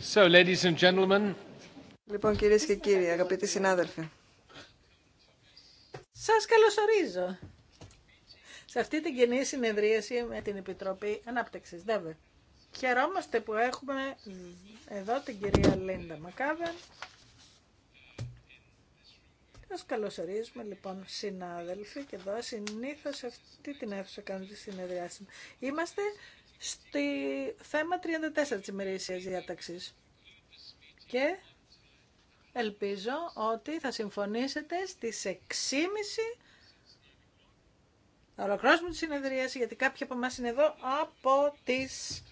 So, ladies and gentlemen. Λοιπόν, κυρίες και κύριοι, αγαπητοί συνάδελφοι. Σας καλωσορίζω σε αυτή την κοινή συνεδρίαση με την Επιτροπή Ανάπτυξης. Δεύε. Χαιρόμαστε που έχουμε εδώ την κυρία Λίντα Μακάβεν, σας καλωσορίζουμε λοιπόν συνάδελφοι και εδώ συνήθω αυτή την αίθουσα κάνουμε τη συνεδριάση. Είμαστε στη θέμα 34 της ημερήσιας διάταξης και ελπίζω ότι θα συμφωνήσετε στις 6.30 να τη συνεδρίαση γιατί κάποιοι από εμάς είναι εδώ από τις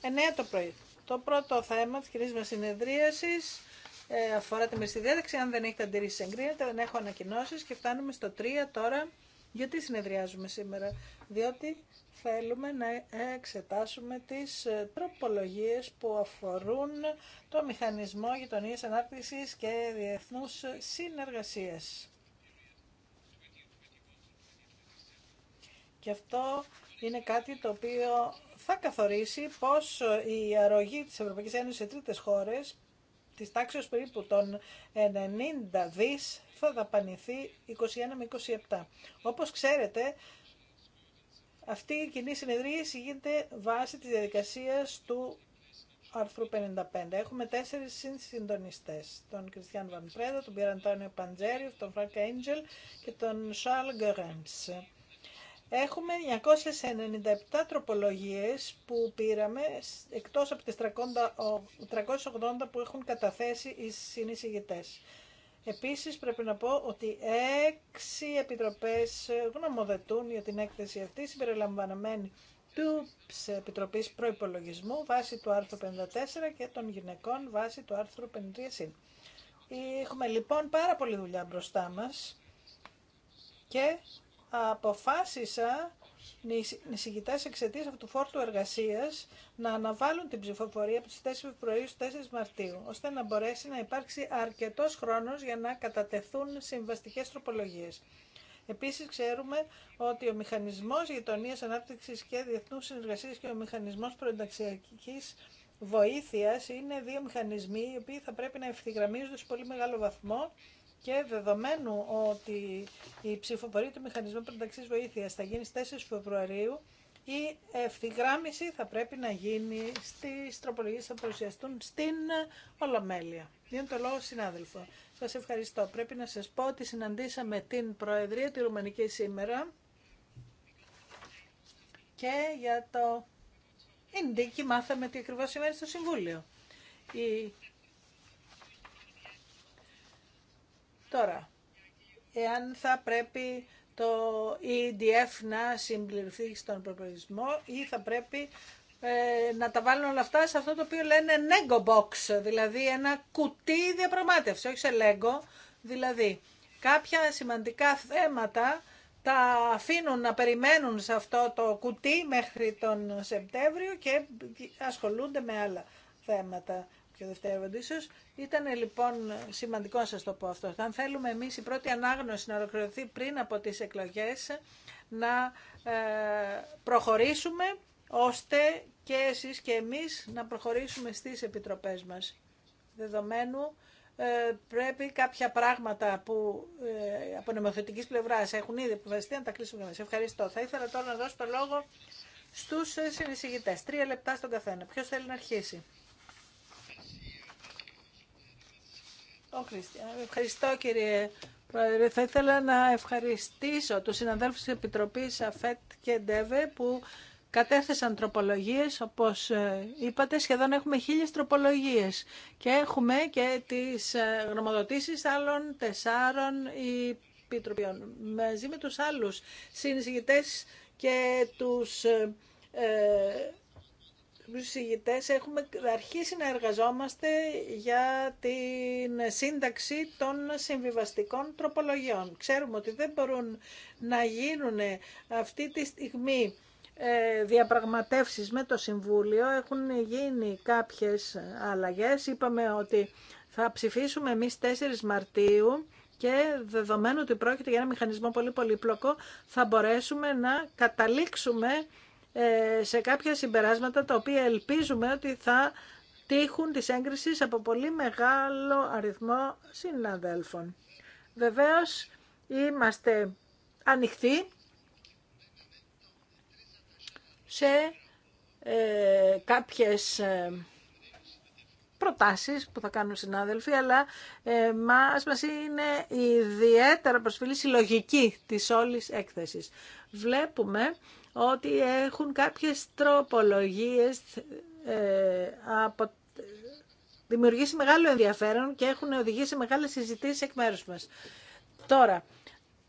9 το πρωί. Το πρώτο θέμα της κυρίας μας συνεδρίασης ε, αφορά τη μεριστή διάταξη. Αν δεν έχετε αντιρρήσει εγκρίνεται, δεν έχω ανακοινώσει και φτάνουμε στο 3 τώρα. Γιατί συνεδριάζουμε σήμερα, διότι θέλουμε να εξετάσουμε τις ε, τροπολογίες που αφορούν το μηχανισμό γειτονίας ανάπτυξης και διεθνούς Συνεργασίες. Και αυτό είναι κάτι το οποίο θα καθορίσει πώς η αρρωγή της Ευρωπαϊκής Ένωσης σε τρίτες χώρες της τάξης περίπου των 90 δις θα δαπανηθεί 21 με 27. Όπως ξέρετε, αυτή η κοινή συνεδρία γίνεται βάσει της διαδικασίας του άρθρου 55. Έχουμε τέσσερις συνσυντονιστές. Τον Κριστιαν Βαν τον Πιερ Παντζέριου, τον Φρανκ Έιντζελ και τον Σαρλ Γκρέμς. Έχουμε 997 τροπολογίες που πήραμε, εκτός από τις 380 που έχουν καταθέσει οι συνεισηγητές. Επίσης πρέπει να πω ότι έξι επιτροπές γνωμοδετούν για την έκθεση αυτή, συμπεριλαμβανομένη του Επιτροπής Προϋπολογισμού βάσει του άρθρου 54 και των γυναικών βάσει του άρθρου 53. Έχουμε λοιπόν πάρα πολλή δουλειά μπροστά μας και αποφάσισα οι συγκητές εξαιτίας αυτού του φόρτου εργασίας να αναβάλουν την ψηφοφορία από τις 4 Φεβρουαρίου στις 4 Μαρτίου, ώστε να μπορέσει να υπάρξει αρκετός χρόνος για να κατατεθούν συμβαστικές τροπολογίες. Επίσης ξέρουμε ότι ο μηχανισμός γειτονίας ανάπτυξης και διεθνούς συνεργασίας και ο μηχανισμός προενταξιακής βοήθειας είναι δύο μηχανισμοί οι οποίοι θα πρέπει να ευθυγραμμίζονται σε πολύ μεγάλο βαθμό και δεδομένου ότι η ψηφοφορία του Μηχανισμού Προταξής βοήθεια θα γίνει στι 4 Φεβρουαρίου, η ευθυγράμμιση θα πρέπει να γίνει στι τροπολογίε που θα παρουσιαστούν στην Ολομέλεια. Δίνω το λόγο συνάδελφο. Σα ευχαριστώ. Πρέπει να σα πω ότι συναντήσαμε την Προεδρία τη Ρουμανική σήμερα και για το Ινδίκη μάθαμε τι ακριβώ σημαίνει στο Συμβούλιο. Τώρα, εάν θα πρέπει το EDF να συμπληρωθεί στον προπολογισμό ή θα πρέπει ε, να τα βάλουν όλα αυτά σε αυτό το οποίο λένε Nego Box, δηλαδή ένα κουτί διαπραγμάτευση, όχι σε Lego, δηλαδή κάποια σημαντικά θέματα τα αφήνουν να περιμένουν σε αυτό το κουτί μέχρι τον Σεπτέμβριο και ασχολούνται με άλλα θέματα πιο δευτερεύοντα ίσω. Ήταν λοιπόν σημαντικό να σα το πω αυτό. Αν θέλουμε εμεί η πρώτη ανάγνωση να ολοκληρωθεί πριν από τι εκλογέ, να ε, προχωρήσουμε ώστε και εσεί και εμεί να προχωρήσουμε στι επιτροπέ μα. Δεδομένου ε, πρέπει κάποια πράγματα που ε, από νομοθετική πλευρά έχουν ήδη αποφασιστεί να τα κλείσουμε Ευχαριστώ. Θα ήθελα τώρα να δώσω το λόγο στους συνεισηγητές. Τρία λεπτά στον καθένα. Ποιος θέλει να αρχίσει. Ευχαριστώ κύριε Πρόεδρε. Θα ήθελα να ευχαριστήσω τους συναδέλφους της Επιτροπής ΑΦΕΤ και ΝΤΕΒΕ που κατέθεσαν τροπολογίες, όπως ε, είπατε, σχεδόν έχουμε χίλιες τροπολογίες και έχουμε και τις ε, γνωμοδοτήσεις άλλων τεσσάρων επιτροπιών. Μαζί με τους άλλους συνεισηγητές και τους ε, συγητές έχουμε αρχίσει να εργαζόμαστε για την σύνταξη των συμβιβαστικών τροπολογιών. Ξέρουμε ότι δεν μπορούν να γίνουν αυτή τη στιγμή ε, διαπραγματεύσεις με το Συμβούλιο. Έχουν γίνει κάποιες αλλαγές. Είπαμε ότι θα ψηφίσουμε εμείς 4 Μαρτίου και δεδομένου ότι πρόκειται για ένα μηχανισμό πολύ πολύπλοκο θα μπορέσουμε να καταλήξουμε ε, σε κάποια συμπεράσματα τα οποία ελπίζουμε ότι θα τύχουν της έγκρισης από πολύ μεγάλο αριθμό συναδέλφων. Βεβαίως είμαστε ανοιχτοί σε ε, κάποιες ε, προτάσεις που θα κάνουν συνάδελφοι, αλλά ε, μας, μας είναι ιδιαίτερα προσφυλή συλλογική της όλης έκθεσης. Βλέπουμε ότι έχουν κάποιες τροπολογίες ε, από δημιουργήσει μεγάλο ενδιαφέρον και έχουν οδηγήσει μεγάλες συζητήσεις εκ μέρους μας. Τώρα,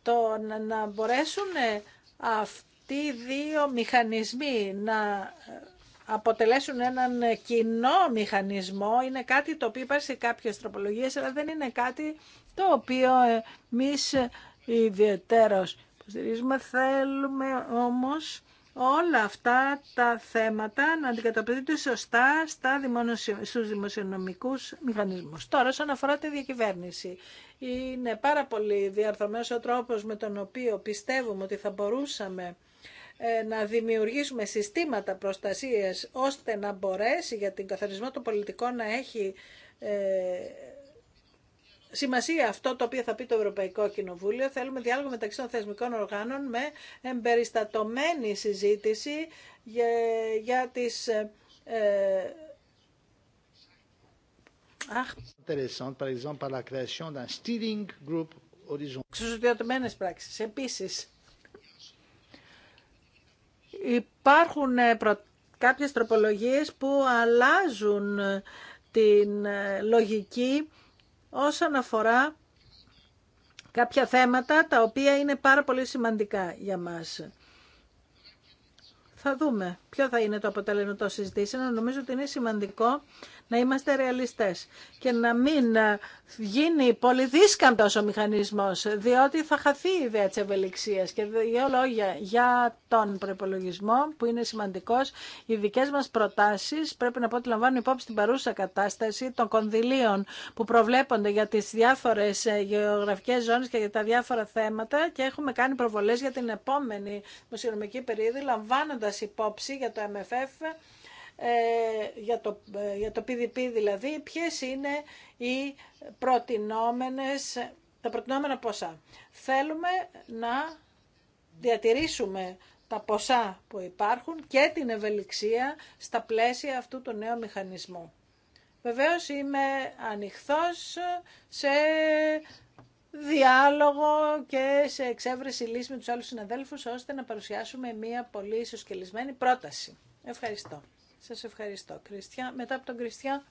το να μπορέσουν ε, αυτοί οι δύο μηχανισμοί να ε, αποτελέσουν έναν ε, κοινό μηχανισμό είναι κάτι το οποίο υπάρχει σε κάποιες τροπολογίες, αλλά δεν είναι κάτι το οποίο εμεί ιδιαιτέρως Θέλουμε όμως όλα αυτά τα θέματα να αντικατοπτρίζονται σωστά στα στους δημοσιονομικούς μηχανισμούς. Τώρα, όσον αφορά τη διακυβέρνηση, είναι πάρα πολύ διαρθωμένος ο τρόπος με τον οποίο πιστεύουμε ότι θα μπορούσαμε ε, να δημιουργήσουμε συστήματα προστασίας ώστε να μπορέσει για την καθαρισμό των πολιτικών να έχει ε, σημασία αυτό το οποίο θα πει το Ευρωπαϊκό Κοινοβούλιο. Θέλουμε διάλογο μεταξύ των θεσμικών οργάνων με εμπεριστατωμένη συζήτηση για, για τις... Ε, Επίση, πράξεις. Επίσης, υπάρχουν ε, κάποιες τροπολογίες που αλλάζουν ε, την ε, λογική όσον αφορά κάποια θέματα τα οποία είναι πάρα πολύ σημαντικά για μας. Θα δούμε ποιο θα είναι το αποτέλεσμα των συζητήσεων. Νομίζω ότι είναι σημαντικό να είμαστε ρεαλιστές και να μην ε, γίνει πολύ ο μηχανισμός, διότι θα χαθεί η ιδέα της ευελιξίας και δύο λόγια για τον προπολογισμό που είναι σημαντικός. Οι δικές μας προτάσεις πρέπει να πω ότι λαμβάνουν υπόψη την παρούσα κατάσταση των κονδυλίων που προβλέπονται για τις διάφορες ε, γεωγραφικές ζώνες και για τα διάφορα θέματα και έχουμε κάνει προβολές για την επόμενη μουσιονομική περίοδο λαμβάνοντας υπόψη για το MFF ε, για, το, ε, για PDP δηλαδή, ποιες είναι οι προτινόμενες, τα προτινόμενα ποσά. Θέλουμε να διατηρήσουμε τα ποσά που υπάρχουν και την ευελιξία στα πλαίσια αυτού του νέου μηχανισμού. Βεβαίως είμαι ανοιχτός σε διάλογο και σε εξέβρεση λύση με τους άλλους συναδέλφους ώστε να παρουσιάσουμε μια πολύ ισοσκελισμένη πρόταση. Ευχαριστώ. Σα ευχαριστώ, Κριστιά. Μετά από τον Κριστιάν,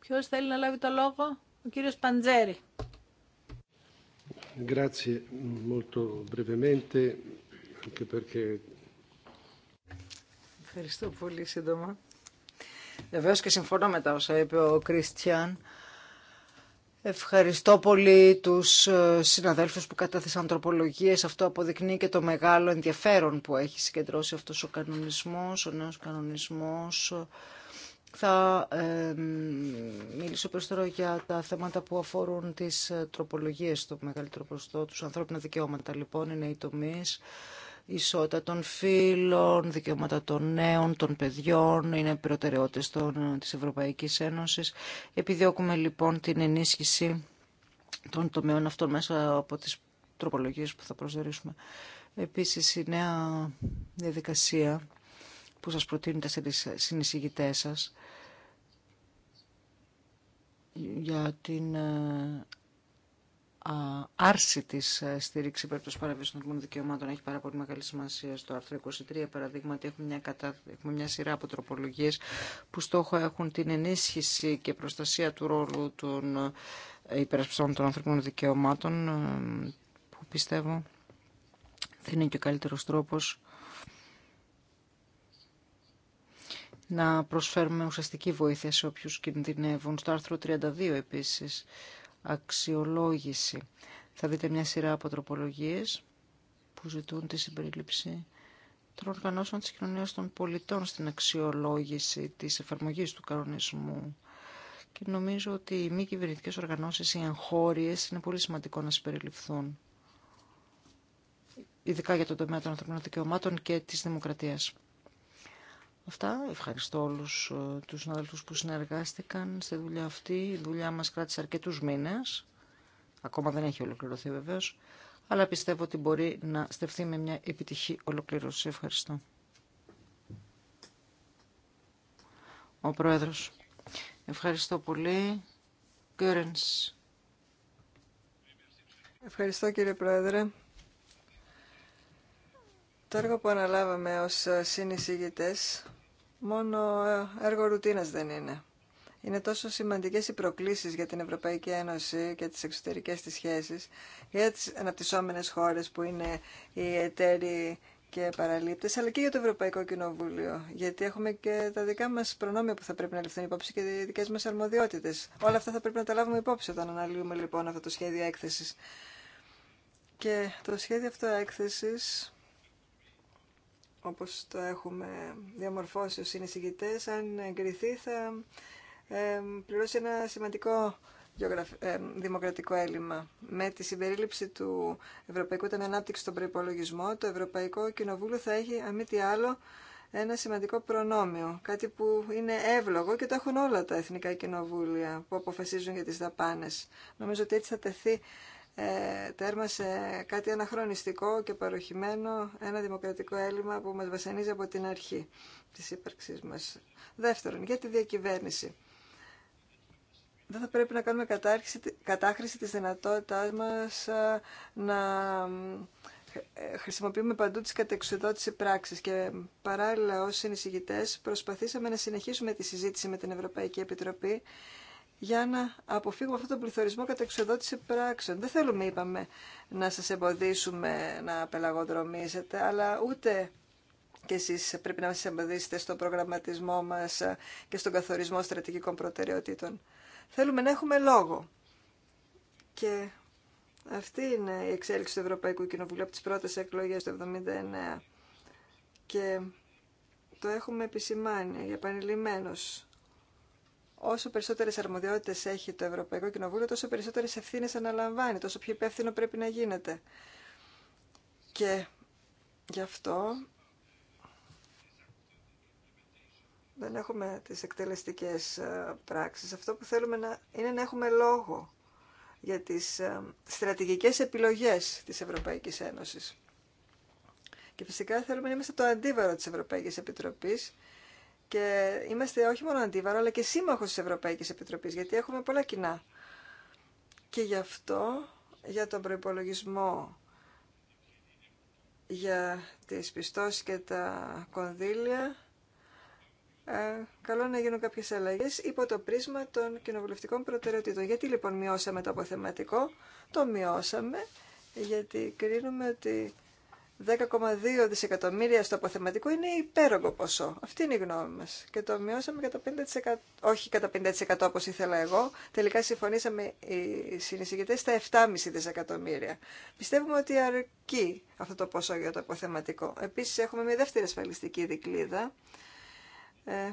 ποιο θέλει να λάβει το λόγο, ο κύριο Παντζέρη. Grazie, molto brevemente, anche perché... Ευχαριστώ πολύ σύντομα. Βεβαίω και συμφωνώ με τα όσα είπε ο Κριστιαν Ευχαριστώ πολύ τους ε, συναδέλφους που κατάθεσαν τροπολογίες. Αυτό αποδεικνύει και το μεγάλο ενδιαφέρον που έχει συγκεντρώσει αυτός ο κανονισμός, ο νέος κανονισμός. Θα ε, μιλήσω περισσότερο για τα θέματα που αφορούν τις ε, τροπολογίες στο μεγαλύτερο ποσοστό. Τους ανθρώπινα δικαιώματα λοιπόν είναι οι τομείς ισότητα των φύλων, δικαιώματα των νέων, των παιδιών, είναι προτεραιότητες των, της Ευρωπαϊκής Ένωσης. Επιδιώκουμε λοιπόν την ενίσχυση των τομέων αυτών μέσα από τις τροπολογίες που θα προσδιορίσουμε. Επίσης η νέα διαδικασία που σας προτείνουν τα συνεισηγητές σας για την ε, άρση τη ε, στήριξη υπέρ των των δικαιωμάτων έχει πάρα πολύ μεγάλη σημασία. Στο άρθρο 23, παραδείγματι, έχουμε μια, έχουμε μια σειρά από τροπολογίε που στόχο έχουν την ενίσχυση και προστασία του ρόλου των ε, υπερασπιστών των ανθρωπίνων δικαιωμάτων, ε, που πιστεύω θα είναι και ο καλύτερο τρόπο να προσφέρουμε ουσιαστική βοήθεια σε όποιους κινδυνεύουν. Στο άρθρο 32 επίσης αξιολόγηση. Θα δείτε μια σειρά από τροπολογίες που ζητούν τη συμπερίληψη των οργανώσεων της κοινωνίας των πολιτών στην αξιολόγηση της εφαρμογής του κανονισμού. Και νομίζω ότι οι μη κυβερνητικέ οργανώσεις, οι εγχώριες, είναι πολύ σημαντικό να συμπεριληφθούν. Ειδικά για τον τομέα των ανθρωπινών δικαιωμάτων και της δημοκρατίας. Αυτά. Ευχαριστώ όλους ε, τους συναδελφούς που συνεργάστηκαν στη δουλειά αυτή. Η δουλειά μας κράτησε αρκετού μήνες. Ακόμα δεν έχει ολοκληρωθεί βεβαίω, Αλλά πιστεύω ότι μπορεί να στεφθεί με μια επιτυχή ολοκλήρωση. Ευχαριστώ. Ο Πρόεδρος. Ευχαριστώ πολύ. κέρενς Ευχαριστώ κύριε Πρόεδρε. Το έργο που αναλάβαμε ως συνεισηγητές μόνο ε, έργο ρουτίνας δεν είναι. Είναι τόσο σημαντικές οι προκλήσεις για την Ευρωπαϊκή Ένωση και τις εξωτερικές της σχέσεις, για τις αναπτυσσόμενες χώρες που είναι οι εταίροι και παραλήπτες, αλλά και για το Ευρωπαϊκό Κοινοβούλιο, γιατί έχουμε και τα δικά μας προνόμια που θα πρέπει να ληφθούν υπόψη και οι δικές μας αρμοδιότητες. Όλα αυτά θα πρέπει να τα λάβουμε υπόψη όταν αναλύουμε λοιπόν αυτό το σχέδιο έκθεσης. Και το σχέδιο αυτό έκθεσης όπως το έχουμε διαμορφώσει ως συνεισηγητές, αν εγκριθεί θα ε, πληρώσει ένα σημαντικό ε, δημοκρατικό έλλειμμα. Με τη συμπερίληψη του Ευρωπαϊκού Ταμείου Ανάπτυξη στον προπολογισμό, το Ευρωπαϊκό Κοινοβούλιο θα έχει, αν μη τι άλλο, ένα σημαντικό προνόμιο. Κάτι που είναι εύλογο και το έχουν όλα τα εθνικά κοινοβούλια που αποφασίζουν για τις δαπάνες. Νομίζω ότι έτσι θα τεθεί ε, τέρμασε κάτι αναχρονιστικό και παροχημένο, ένα δημοκρατικό έλλειμμα που μας βασανίζει από την αρχή της ύπαρξής μας. Δεύτερον, για τη διακυβέρνηση. Δεν θα πρέπει να κάνουμε κατάχρηση της δυνατότητάς μας ε, να ε, χρησιμοποιούμε παντού τις κατεξοδότηση πράξεις και παράλληλα ως συνεισηγητές προσπαθήσαμε να συνεχίσουμε τη συζήτηση με την Ευρωπαϊκή Επιτροπή για να αποφύγουμε αυτόν τον πληθωρισμό κατά εξοδότηση πράξεων. Δεν θέλουμε, είπαμε, να σας εμποδίσουμε να πελαγοδρομήσετε, αλλά ούτε και εσείς πρέπει να μας εμποδίσετε στον προγραμματισμό μας και στον καθορισμό στρατηγικών προτεραιοτήτων. Θέλουμε να έχουμε λόγο. Και αυτή είναι η εξέλιξη του Ευρωπαϊκού Κοινοβουλίου από τις πρώτες εκλογές του 1979. Και το έχουμε επισημάνει για όσο περισσότερε αρμοδιότητε έχει το Ευρωπαϊκό Κοινοβούλιο, τόσο περισσότερε ευθύνε αναλαμβάνει, τόσο πιο υπεύθυνο πρέπει να γίνεται. Και γι' αυτό δεν έχουμε τις εκτελεστικές ε, πράξεις. Αυτό που θέλουμε να, είναι να έχουμε λόγο για τις ε, στρατηγικές επιλογές της Ευρωπαϊκής Ένωσης. Και φυσικά θέλουμε να είμαστε το αντίβαρο της Ευρωπαϊκής Επιτροπής και είμαστε όχι μόνο αντίβαρο, αλλά και σύμμαχος της Ευρωπαϊκής Επιτροπής, γιατί έχουμε πολλά κοινά. Και γι' αυτό, για τον προϋπολογισμό, για τις πιστώσεις και τα κονδύλια, ε, καλό να γίνουν κάποιες αλλαγές υπό το πρίσμα των κοινοβουλευτικών προτεραιοτήτων. Γιατί λοιπόν μειώσαμε το αποθεματικό, το μειώσαμε, γιατί κρίνουμε ότι 10,2 δισεκατομμύρια στο αποθεματικό είναι υπέρογκο ποσό. Αυτή είναι η γνώμη μας. Και το μειώσαμε κατά 50%, όχι κατά 50% όπως ήθελα εγώ. Τελικά συμφωνήσαμε οι συνεισηγητέ στα 7,5 δισεκατομμύρια. Πιστεύουμε ότι αρκεί αυτό το ποσό για το αποθεματικό. Επίσης έχουμε μια δεύτερη ασφαλιστική δικλίδα, ε,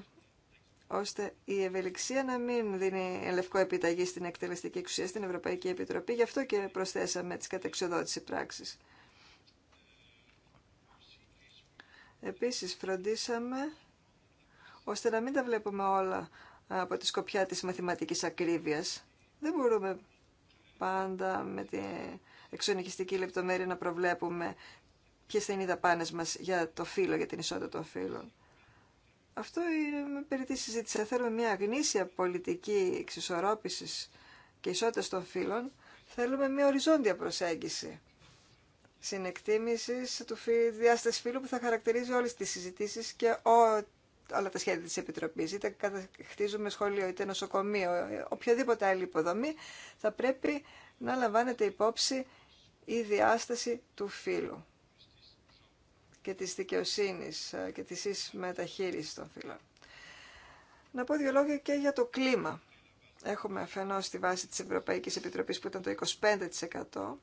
ώστε η ευελιξία να μην δίνει λευκό επιταγή στην εκτελεστική εξουσία στην Ευρωπαϊκή Επιτροπή. Γι' αυτό και προσθέσαμε τις κατεξοδότηση πράξεις. Επίσης φροντίσαμε ώστε να μην τα βλέπουμε όλα από τη σκοπιά της μαθηματικής ακρίβειας. Δεν μπορούμε πάντα με την εξονυχιστική λεπτομέρεια να προβλέπουμε ποιε θα είναι οι δαπάνες μας για το φύλλο, για την ισότητα των φύλων. Αυτό είναι περί τη συζήτηση. θέλουμε μια αγνήσια πολιτική εξισορρόπησης και ισότητας των φύλων, θέλουμε μια οριζόντια προσέγγιση συνεκτίμησης του διάσταση φίλου που θα χαρακτηρίζει όλες τις συζητήσεις και όλα τα σχέδια της Επιτροπής. Είτε χτίζουμε σχολείο, είτε νοσοκομείο, οποιαδήποτε άλλη υποδομή, θα πρέπει να λαμβάνεται υπόψη η διάσταση του φίλου και της δικαιοσύνης ε, και της εις μεταχείρισης των φύλων. Να πω δύο λόγια και για το κλίμα. Έχουμε αφενός τη βάση της Ευρωπαϊκής Επιτροπής που ήταν το 25%,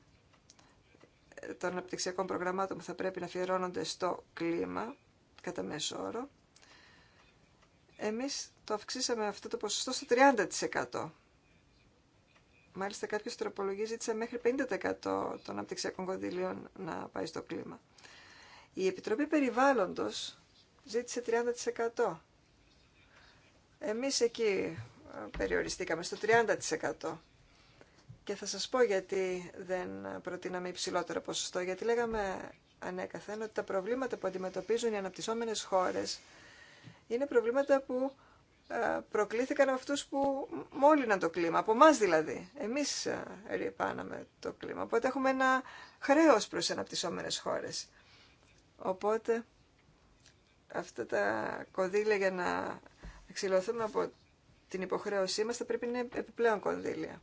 των αναπτυξιακών προγραμμάτων που θα πρέπει να αφιερώνονται στο κλίμα, κατά μέσο όρο, εμείς το αυξήσαμε αυτό το ποσοστό στο 30%. Μάλιστα κάποιος τροπολογής ζήτησε μέχρι 50% των αναπτυξιακών κονδυλίων να πάει στο κλίμα. Η Επιτροπή Περιβάλλοντος ζήτησε 30%. Εμείς εκεί ε, περιοριστήκαμε στο 30%. Και θα σας πω γιατί δεν προτείναμε υψηλότερο ποσοστό, γιατί λέγαμε ανέκαθεν ότι τα προβλήματα που αντιμετωπίζουν οι αναπτυσσόμενες χώρες είναι προβλήματα που ε, προκλήθηκαν από αυτούς που μόλυναν το κλίμα, από εμά δηλαδή. Εμείς ε, ρυπάναμε το κλίμα, οπότε έχουμε ένα χρέος προς τις αναπτυσσόμενες χώρες. Οπότε αυτά τα κονδύλια για να εξηλωθούμε από την υποχρέωσή μας θα πρέπει να είναι επιπλέον κονδύλια.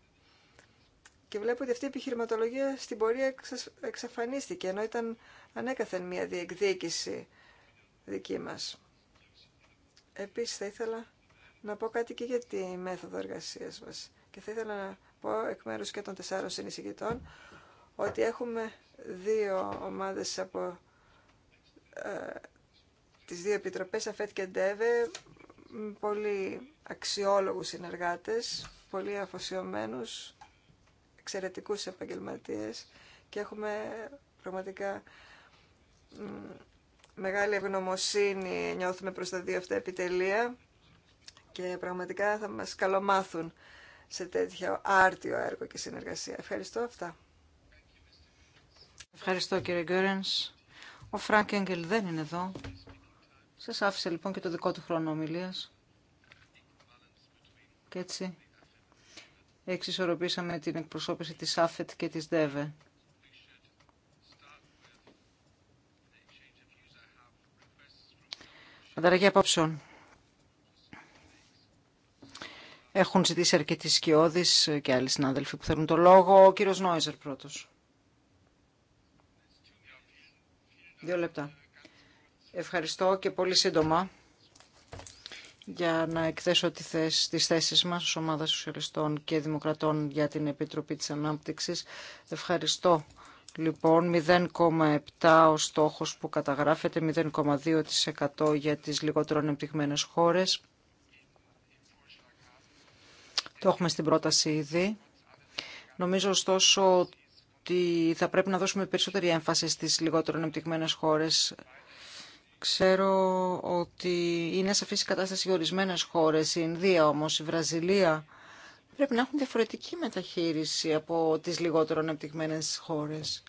Και βλέπω ότι αυτή η επιχειρηματολογία στην πορεία εξαφανίστηκε, ενώ ήταν ανέκαθεν μια διεκδίκηση δική μας. Επίσης θα ήθελα να πω κάτι και για τη μέθοδο εργασίας μας. Και θα ήθελα να πω εκ μέρους και των τεσσάρων συνεισηγητών ότι έχουμε δύο ομάδες από ε, τις δύο επιτροπές, ΑΦΕΤ και ΝΤΕΒΕ, πολύ αξιόλογους συνεργάτες, πολύ αφοσιωμένους εξαιρετικούς επαγγελματίες και έχουμε πραγματικά μεγάλη ευγνωμοσύνη νιώθουμε προς τα δύο αυτά επιτελεία και πραγματικά θα μας καλομάθουν σε τέτοιο άρτιο έργο και συνεργασία. Ευχαριστώ αυτά. Ευχαριστώ κύριε Γκέρενς. Ο Φρανκ Έγγελ δεν είναι εδώ. Σας άφησε λοιπόν και το δικό του χρόνο ομιλίας. Και έτσι εξισορροπήσαμε την εκπροσώπηση της ΑΦΕΤ και της ΔΕΒΕ. Ανταλλαγή απόψεων. Έχουν ζητήσει αρκετοί σκιώδεις και άλλοι συνάδελφοι που θέλουν το λόγο. Ο κύριος Νόιζερ πρώτος. Δύο λεπτά. Ευχαριστώ και πολύ σύντομα για να εκθέσω τη θέση, τις θέσεις μας ως ομάδα σοσιαλιστών και δημοκρατών για την Επιτροπή της Ανάπτυξης. Ευχαριστώ. Λοιπόν, 0,7 ο στόχος που καταγράφεται, 0,2% για τις λιγότερο ανεπτυγμένες χώρες. Το έχουμε στην πρόταση ήδη. Νομίζω ωστόσο ότι θα πρέπει να δώσουμε περισσότερη έμφαση στις λιγότερο ανεπτυγμένες χώρες Ξέρω ότι είναι σαφής η κατάσταση για ορισμένε χώρες, η Ινδία όμως, η Βραζιλία. Πρέπει να έχουν διαφορετική μεταχείριση από τις λιγότερο ανεπτυγμένε χώρες.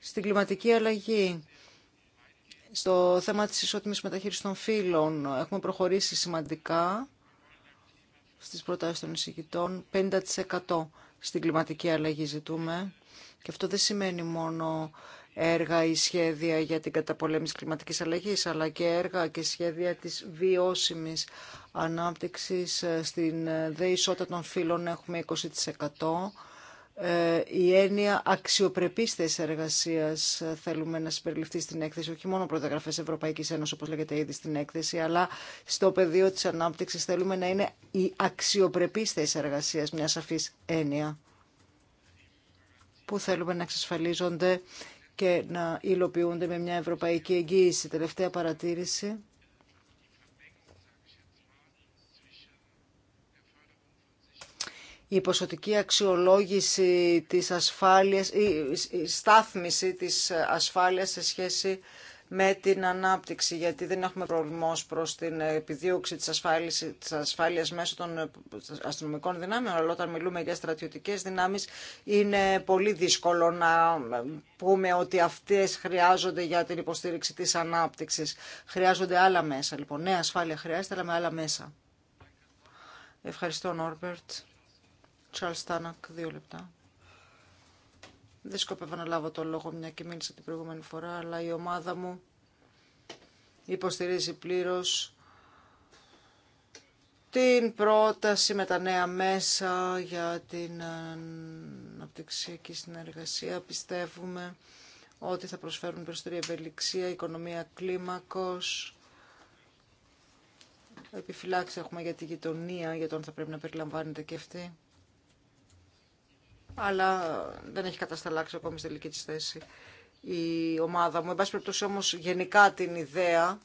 Στην κλιματική αλλαγή, στο θέμα της ισότιμη μεταχείριση των φύλων, έχουμε προχωρήσει σημαντικά στις προτάσει των εισηγητών. 50% στην κλιματική αλλαγή ζητούμε. Και αυτό δεν σημαίνει μόνο έργα ή σχέδια για την καταπολέμηση κλιματικής αλλαγής, αλλά και έργα και σχέδια της βιώσιμης ανάπτυξης. Ε, στην ε, δε ισότητα των φύλων έχουμε 20%. Ε, η έννοια αξιοπρεπής θέση εργασία θέλουμε να συμπεριληφθεί στην έκθεση, όχι μόνο προδιαγραφέ Ευρωπαϊκή Ένωση, όπω λέγεται ήδη στην έκθεση, αλλά στο πεδίο τη ανάπτυξη θέλουμε να είναι η αξιοπρεπής θέση εργασία, μια σαφή έννοια, που θέλουμε να εξασφαλίζονται και να υλοποιούνται με μια ευρωπαϊκή εγγύηση. Τελευταία παρατήρηση. η ποσοτική αξιολόγηση της ασφάλειας, η στάθμιση της ασφάλειας σε σχέση με την ανάπτυξη, γιατί δεν έχουμε προβλημό προς την επιδίωξη της, ασφάλειας, της μέσω των αστυνομικών δυνάμεων, αλλά όταν μιλούμε για στρατιωτικές δυνάμεις είναι πολύ δύσκολο να πούμε ότι αυτές χρειάζονται για την υποστήριξη της ανάπτυξης. Χρειάζονται άλλα μέσα, λοιπόν. Ναι, ασφάλεια χρειάζεται, αλλά με άλλα μέσα. Ευχαριστώ, Νόρμπερτ. Τσάλ Στάνακ, δύο λεπτά. Δεν σκοπεύω να λάβω το λόγο μια και μίλησα την προηγούμενη φορά, αλλά η ομάδα μου υποστηρίζει πλήρως την πρόταση με τα νέα μέσα για την αναπτυξιακή συνεργασία. Πιστεύουμε ότι θα προσφέρουν περισσότερη ευελιξία, οικονομία κλίμακος. Επιφυλάξει έχουμε για τη γειτονία, για το αν θα πρέπει να περιλαμβάνεται και αυτή αλλά δεν έχει κατασταλάξει ακόμη στη τελική της θέση η ομάδα μου. Εν πάση περιπτώσει όμως γενικά την ιδέα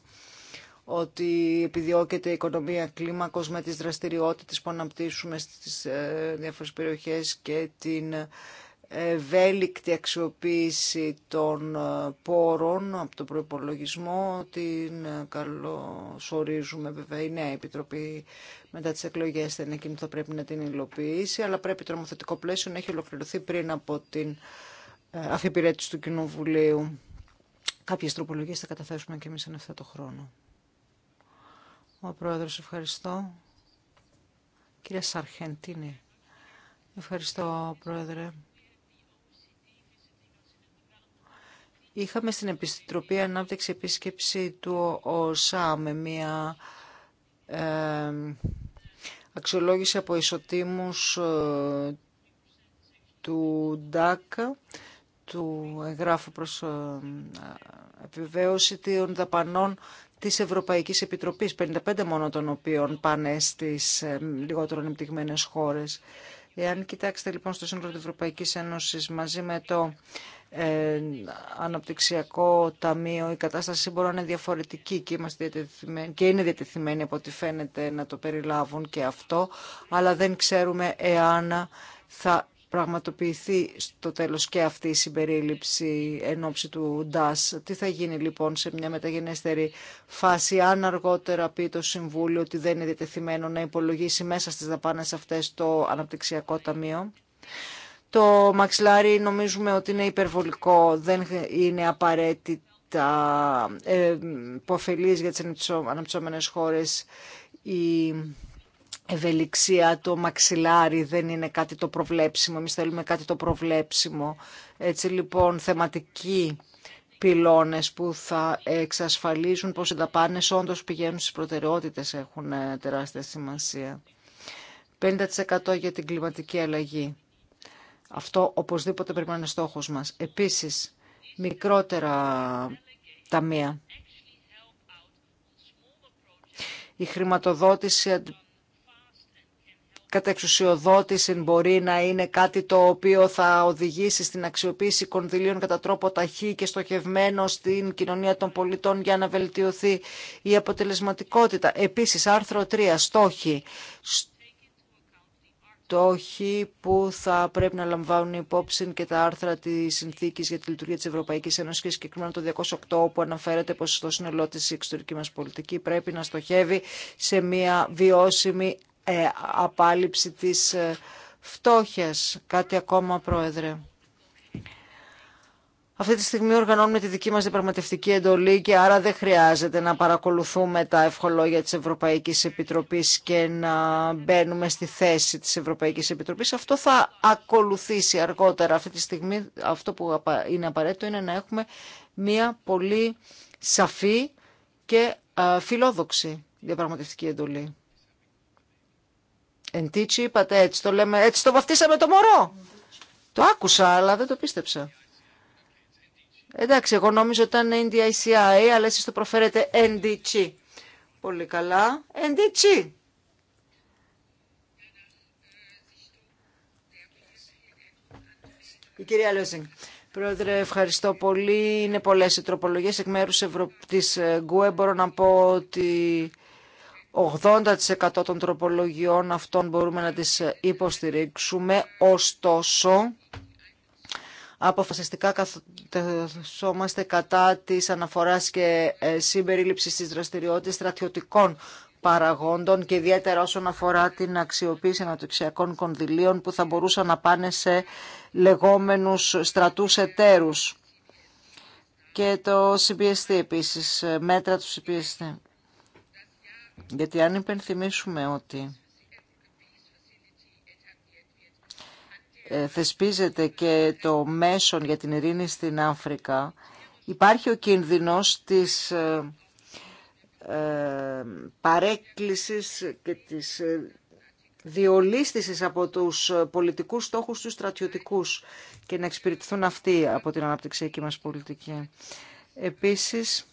ότι επιδιώκεται η οικονομία κλίμακος με τις δραστηριότητες που αναπτύσσουμε στις ε, διάφορες περιοχές και την ευέλικτη αξιοποίηση των ε, πόρων από τον προϋπολογισμό την ε, καλωσορίζουμε βέβαια η νέα επιτροπή μετά τις εκλογές δεν είναι εκείνη που θα πρέπει να την υλοποιήσει αλλά πρέπει το νομοθετικό πλαίσιο να έχει ολοκληρωθεί πριν από την ε, αφιπηρέτηση του Κοινοβουλίου κάποιες τροπολογίες θα καταθέσουμε και εμείς σε αυτό το χρόνο ο Πρόεδρος ευχαριστώ κυρία Σαρχεντίνη ευχαριστώ Πρόεδρε Είχαμε στην Επιστροπή Ανάπτυξη επίσκεψη του ΟΣΑ με μια ε, αξιολόγηση από ισοτήμους ε, του Ντάκ του εγγράφου προς ε, επιβεβαίωση των δαπανών της Ευρωπαϊκής Επιτροπής, 55 μόνο των οποίων πάνε στις ε, λιγότερο ανεπτυγμένες χώρες. Εάν κοιτάξετε λοιπόν στο σύνολο της Ευρωπαϊκής Ένωσης μαζί με το αναπτυξιακό ταμείο η κατάσταση μπορεί να είναι διαφορετική και, είναι διατεθειμένοι από ό,τι φαίνεται να το περιλάβουν και αυτό, αλλά δεν ξέρουμε εάν θα πραγματοποιηθεί στο τέλος και αυτή η συμπερίληψη εν ώψη του ΝΤΑΣ Τι θα γίνει λοιπόν σε μια μεταγενέστερη φάση, αν αργότερα πει το Συμβούλιο ότι δεν είναι διατεθειμένο να υπολογίσει μέσα στις δαπάνες αυτές το αναπτυξιακό ταμείο. Το μαξιλάρι νομίζουμε ότι είναι υπερβολικό, δεν είναι απαραίτητα ε, υποφελής για τις αναπτυσσόμενες χώρες η ευελιξία, το μαξιλάρι δεν είναι κάτι το προβλέψιμο. Εμείς θέλουμε κάτι το προβλέψιμο. Έτσι λοιπόν θεματικοί πυλώνες που θα εξασφαλίζουν πως οι δαπάνες όντως πηγαίνουν στις προτεραιότητες έχουν ε, τεράστια σημασία. 50% για την κλιματική αλλαγή. Αυτό οπωσδήποτε πρέπει να είναι στόχος μας. Επίσης, μικρότερα ταμεία. Η χρηματοδότηση κατά εξουσιοδότηση μπορεί να είναι κάτι το οποίο θα οδηγήσει στην αξιοποίηση κονδυλίων κατά τρόπο ταχύ και στοχευμένο στην κοινωνία των πολιτών για να βελτιωθεί η αποτελεσματικότητα. Επίσης, άρθρο 3, στόχοι στόχοι που θα πρέπει να λαμβάνουν υπόψη και τα άρθρα τη συνθήκη για τη λειτουργία τη Ευρωπαϊκή Ένωση και συγκεκριμένα το 208, που αναφέρεται πω στο σύνολό τη η εξωτερική μα πολιτική πρέπει να στοχεύει σε μια βιώσιμη ε, απάλληψη τη ε, φτώχεια. Κάτι ακόμα, Πρόεδρε. Αυτή τη στιγμή οργανώνουμε τη δική μας διαπραγματευτική εντολή και άρα δεν χρειάζεται να παρακολουθούμε τα ευχολόγια της Ευρωπαϊκής Επιτροπής και να μπαίνουμε στη θέση της Ευρωπαϊκής Επιτροπής. Αυτό θα ακολουθήσει αργότερα. Αυτή τη στιγμή αυτό που είναι απαραίτητο είναι να έχουμε μια πολύ σαφή και φιλόδοξη διαπραγματευτική εντολή. Εν τίτσι είπατε έτσι το λέμε, έτσι το βαφτίσαμε το μωρό. Το άκουσα αλλά δεν το πίστεψα. Εντάξει, εγώ νόμιζα ότι ήταν NDICI, αλλά εσείς το προφέρετε NDC. Πολύ καλά. NDC. Η κυρία Λέζινγκ. Πρόεδρε, ευχαριστώ πολύ. Είναι πολλές οι τροπολογίες εκ μέρους Ευρω... της ε, ΓΚΟΕ. Μπορώ να πω ότι 80% των τροπολογιών αυτών μπορούμε να τις ε, υποστηρίξουμε. Ωστόσο, αποφασιστικά καθόμαστε κατά της αναφοράς και ε, συμπερίληψης της δραστηριότητας στρατιωτικών παραγόντων και ιδιαίτερα όσον αφορά την αξιοποίηση ανατοξιακών κονδυλίων που θα μπορούσαν να πάνε σε λεγόμενους στρατούς εταίρους. Και το CPST επίσης, μέτρα του CPST. Γιατί αν υπενθυμίσουμε ότι Ε, θεσπίζεται και το μέσον για την ειρήνη στην Αφρικά, υπάρχει ο κίνδυνος της ε, ε, παρέκκλησης και της διολίστησης από τους πολιτικούς στόχους τους στρατιωτικούς και να εξυπηρετηθούν αυτοί από την αναπτυξιακή μας πολιτική. Επίσης,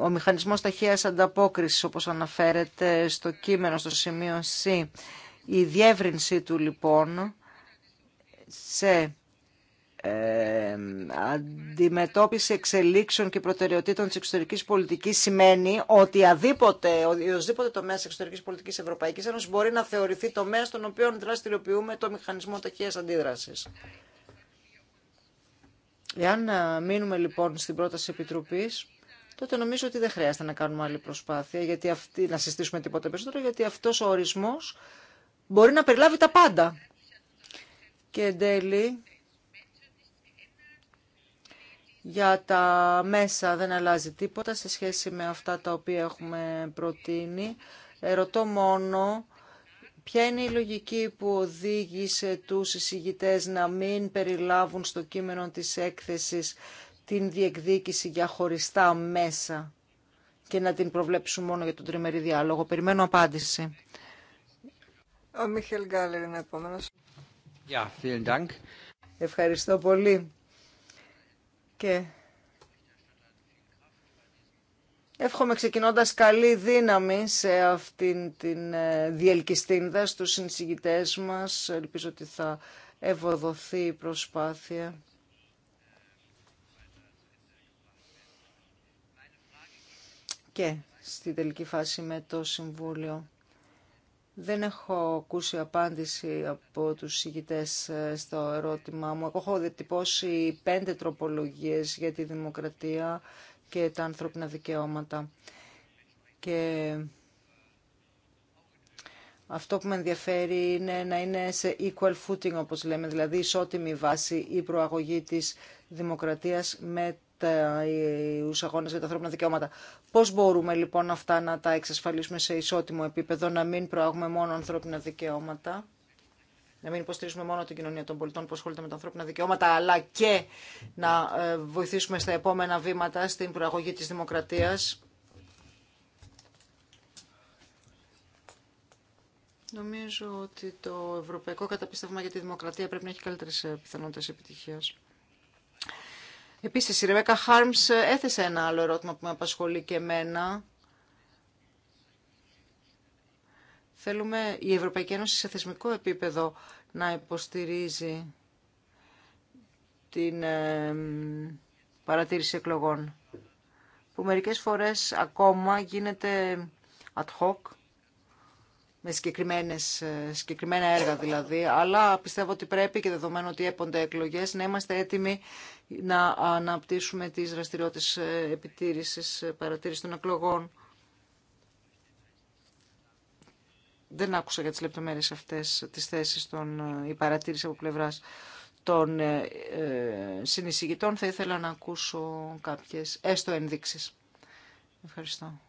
ο μηχανισμός ταχείας ανταπόκρισης όπως αναφέρεται στο κείμενο στο σημείο C η διεύρυνσή του λοιπόν σε ε, αντιμετώπιση εξελίξεων και προτεραιοτήτων της εξωτερικής πολιτικής σημαίνει ότι αδίποτε, οδηποτε τομέας εξωτερικής πολιτικής Ευρωπαϊκής Ένωσης μπορεί να θεωρηθεί τομέα στον οποίο δραστηριοποιούμε το μηχανισμό ταχείας αντίδρασης. Εάν ε, μείνουμε λοιπόν στην πρόταση Επιτροπής, τότε νομίζω ότι δεν χρειάζεται να κάνουμε άλλη προσπάθεια, γιατί αυτή, να συστήσουμε τίποτα περισσότερο, γιατί αυτός ο ορισμός μπορεί να περιλάβει τα πάντα. Και εν τέλει, για τα μέσα δεν αλλάζει τίποτα σε σχέση με αυτά τα οποία έχουμε προτείνει. Ερωτώ μόνο ποια είναι η λογική που οδήγησε τους εισηγητές να μην περιλάβουν στο κείμενο της έκθεσης την διεκδίκηση για χωριστά μέσα και να την προβλέψουν μόνο για τον τριμερή διάλογο. Περιμένω απάντηση. Ο Μίχελ Γκάλερ είναι Ευχαριστώ πολύ. Και εύχομαι ξεκινώντας καλή δύναμη σε αυτήν την ε, διελκυστίνδα στους συνσηγητές μας. Ελπίζω ότι θα ευοδοθεί η προσπάθεια. και στη τελική φάση με το Συμβούλιο. Δεν έχω ακούσει απάντηση από τους ηγητές ε, στο ερώτημά μου. Εγώ έχω διατυπώσει πέντε τροπολογίες για τη δημοκρατία και τα ανθρώπινα δικαιώματα. Και αυτό που με ενδιαφέρει είναι να είναι σε equal footing, όπως λέμε, δηλαδή ισότιμη βάση η προαγωγή της δημοκρατίας με του αγώνε για τα ανθρώπινα δικαιώματα. Πώ μπορούμε λοιπόν αυτά να τα εξασφαλίσουμε σε ισότιμο επίπεδο, να μην προάγουμε μόνο ανθρώπινα δικαιώματα, να μην υποστηρίζουμε μόνο την κοινωνία των πολιτών που ασχολείται με τα ανθρώπινα δικαιώματα, αλλά και να ε, βοηθήσουμε στα επόμενα βήματα στην προαγωγή τη δημοκρατία. Νομίζω ότι το ευρωπαϊκό καταπίστευμα για τη δημοκρατία πρέπει να έχει καλύτερε πιθανότητε επιτυχία. Επίσης, η Ρεβέκα Χάρμς ε, έθεσε ένα άλλο ερώτημα που με απασχολεί και εμένα. Θέλουμε η Ευρωπαϊκή Ένωση σε θεσμικό επίπεδο να υποστηρίζει την ε, παρατήρηση εκλογών, που μερικές φορές ακόμα γίνεται ad hoc με συγκεκριμένες, ε, συγκεκριμένα έργα δηλαδή, αλλά πιστεύω ότι πρέπει και δεδομένου ότι έπονται εκλογές να είμαστε έτοιμοι να αναπτύσσουμε τις δραστηριότητες ε, επιτήρησης, ε, παρατήρησης των εκλογών. Δεν άκουσα για τις λεπτομέρειες αυτές τις θέσεις, των, η παρατήρηση από πλευράς των ε, Θα ήθελα να ακούσω κάποιες έστω ενδείξεις. Ευχαριστώ.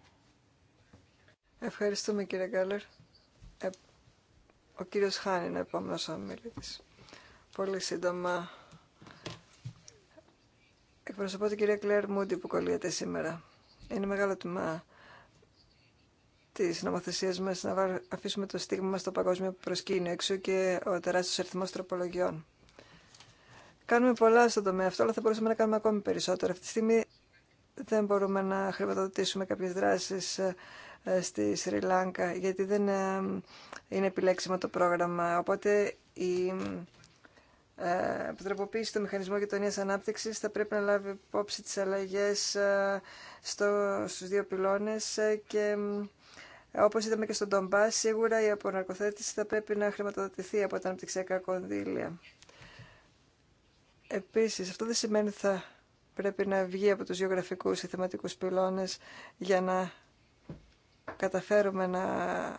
Ευχαριστούμε κύριε Γκάλερ. Ε, ο κύριος Χάνη είναι επόμενος ομιλητής. Πολύ σύντομα. Εκπροσωπώ την κυρία Κλέρ Μούντι που κολλείται σήμερα. Είναι μεγάλο τιμά τη νομοθεσία μα να αφήσουμε το στίγμα μας στο παγκόσμιο προσκήνιο, έξω και ο τεράστιο αριθμό τροπολογιών. Κάνουμε πολλά στον τομέα αυτό, αλλά θα μπορούσαμε να κάνουμε ακόμη περισσότερο. Αυτή τη στιγμή δεν μπορούμε να χρηματοδοτήσουμε κάποιε δράσει ε, ε, στη Σρι Λάνκα, γιατί δεν ε, είναι επιλέξιμο το πρόγραμμα. Οπότε η αποτροποποίηση ε, του Μηχανισμού Γειτονίας Ανάπτυξης θα πρέπει να λάβει υπόψη τις αλλαγές στο, στους δύο πυλώνες και όπως είδαμε και στον Τομπά, σίγουρα η αποναρκοθέτηση θα πρέπει να χρηματοδοτηθεί από τα αναπτυξιακά κονδύλια. Επίσης, αυτό δεν σημαίνει ότι θα πρέπει να βγει από τους γεωγραφικούς ή θεματικούς πυλώνες για να καταφέρουμε να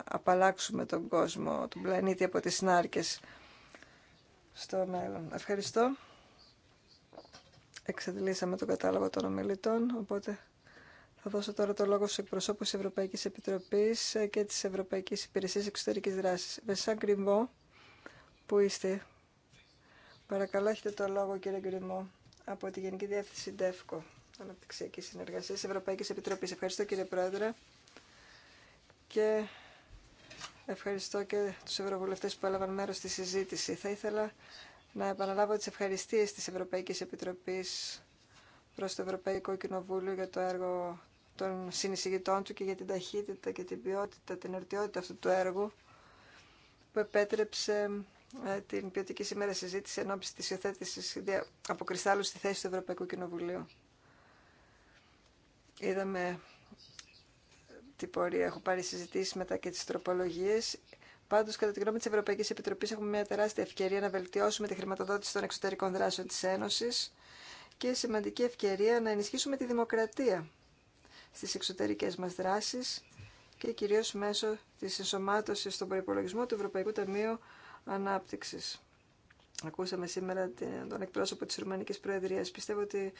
απαλλάξουμε τον κόσμο, τον πλανήτη από τις συνάρκες στο μέλλον. Ευχαριστώ. Εξαντλήσαμε τον κατάλογο των ομιλητών, οπότε θα δώσω τώρα το λόγο στους εκπροσώπους της Ευρωπαϊκής Επιτροπής και της Ευρωπαϊκής Υπηρεσίας Εξωτερικής Δράσης. Βεσά Γκριμπό, που είστε. Παρακαλώ, έχετε το λόγο κύριε Γκριμπό από τη Γενική Διεύθυνση ΔΕΦΚΟ, Αναπτυξιακή Συνεργασία Ευρωπαϊκής Επιτροπής. Ευχαριστώ κύριε Πρόεδρε και ευχαριστώ και τους ευρωβουλευτές που έλαβαν μέρος στη συζήτηση. Θα ήθελα να επαναλάβω τις ευχαριστίες της Ευρωπαϊκής Επιτροπής προς το Ευρωπαϊκό Κοινοβούλιο για το έργο των συνεισηγητών του και για την ταχύτητα και την ποιότητα, την ερτιότητα αυτού του έργου που επέτρεψε ε, την ποιοτική σήμερα συζήτηση ενώπιση της υιοθέτησης από κρυστάλλου στη θέση του Ευρωπαϊκού Κοινοβουλίου. Είδαμε την πορεία Έχω πάρει συζητήσει μετά και τι τροπολογίε πάντω κατά την γνώμη τη Ευρωπαϊκή Επιτροπή έχουμε μια τεράστια ευκαιρία να βελτιώσουμε τη χρηματοδότηση των εξωτερικών δράσεων τη Ένωση και σημαντική ευκαιρία να ενισχύσουμε τη δημοκρατία στι εξωτερικέ μα δράσει και κυρίω μέσω τη ενσωμάτωση στον προπολογισμό του Ευρωπαϊκού Ταμείου Ανάπτυξη. Ακούσαμε σήμερα τον εκπρόσωπο τη Ρουμανική Προεδρία. Πιστεύω ότι